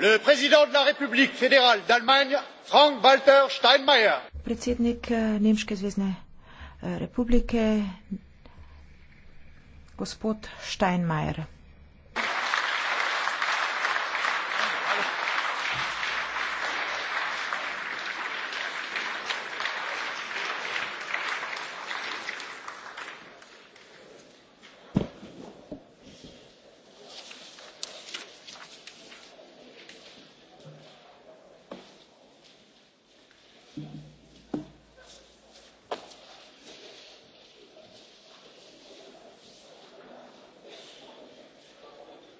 le président de la République fédérale d'Allemagne, Frank Walter Steinmeier. Predsednik eh, Nemške zvezdne eh, republike, gospod Steinmeier.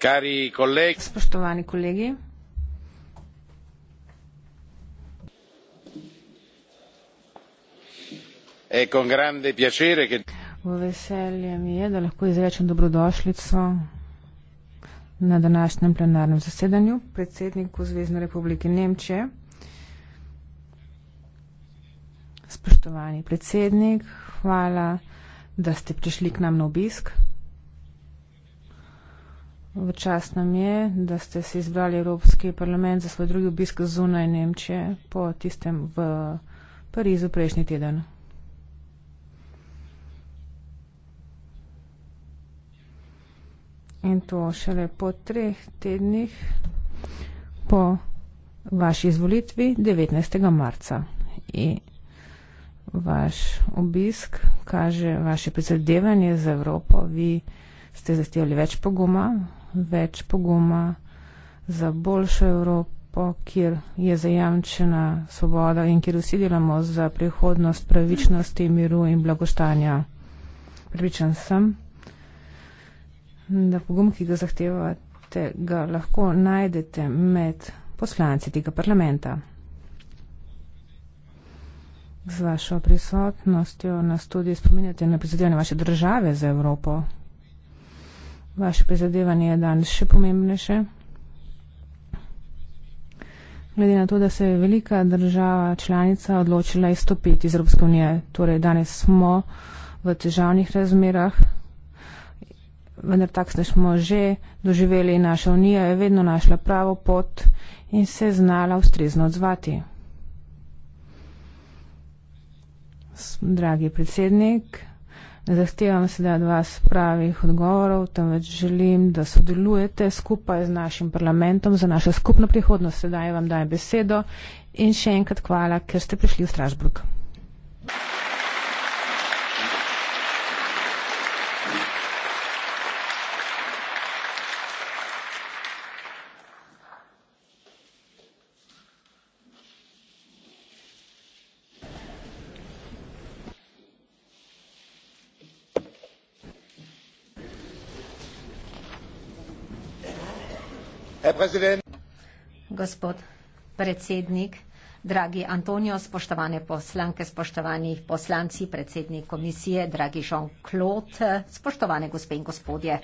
spoštovani kolegi v veselje mi je da lahko izrečem dobrodošlico na današnjem plenarnem zasedanju predsedniku zvezne republike nemčije spoštovani predsednik hvala da ste prišli k nam na obisk V čast nam je, da ste si izbrali Evropski parlament za svoj drugi obisk zunaj Nemčije po tistem v Parizu prejšnji teden. In to šele po treh tednih po vaši izvolitvi 19. marca. In vaš obisk kaže vaše prizadevanje za Evropo. Vi ste zahtevali več poguma, več poguma za boljšo Evropo, kjer je zajamčena svoboda in kjer vsi delamo za prihodnost pravičnosti, miru in blagostanja. Pripričan sem, da pogum, ki ga zahtevate, ga lahko najdete med poslanci tega parlamenta. Z vašo prisotnostjo nas tudi spominjate na prizadevanje vaše države za Evropo vaše prizadevanje je danes še pomembnejše. Glede na to, da se je velika država članica odločila izstopiti iz Evropske unije, torej danes smo v težavnih razmerah, vendar takšne smo že doživeli in naša unija je vedno našla pravo pot in se znala ustrezno odzvati. Dragi predsednik, ne zahtevam sedaj od vas pravih odgovorov, temveč želim, da sodelujete skupaj z našim parlamentom za našo skupno prihodnost. Sedaj vam dajem besedo in še enkrat hvala, ker ste prišli v Strasburg. Gospod predsednik, dragi Antonijo, spoštovane poslanke, spoštovani poslanci, predsednik komisije, dragi Jean-Claude, spoštovane gospe in gospodje.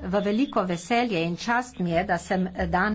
V veliko veselje in čast mi je, da sem dan.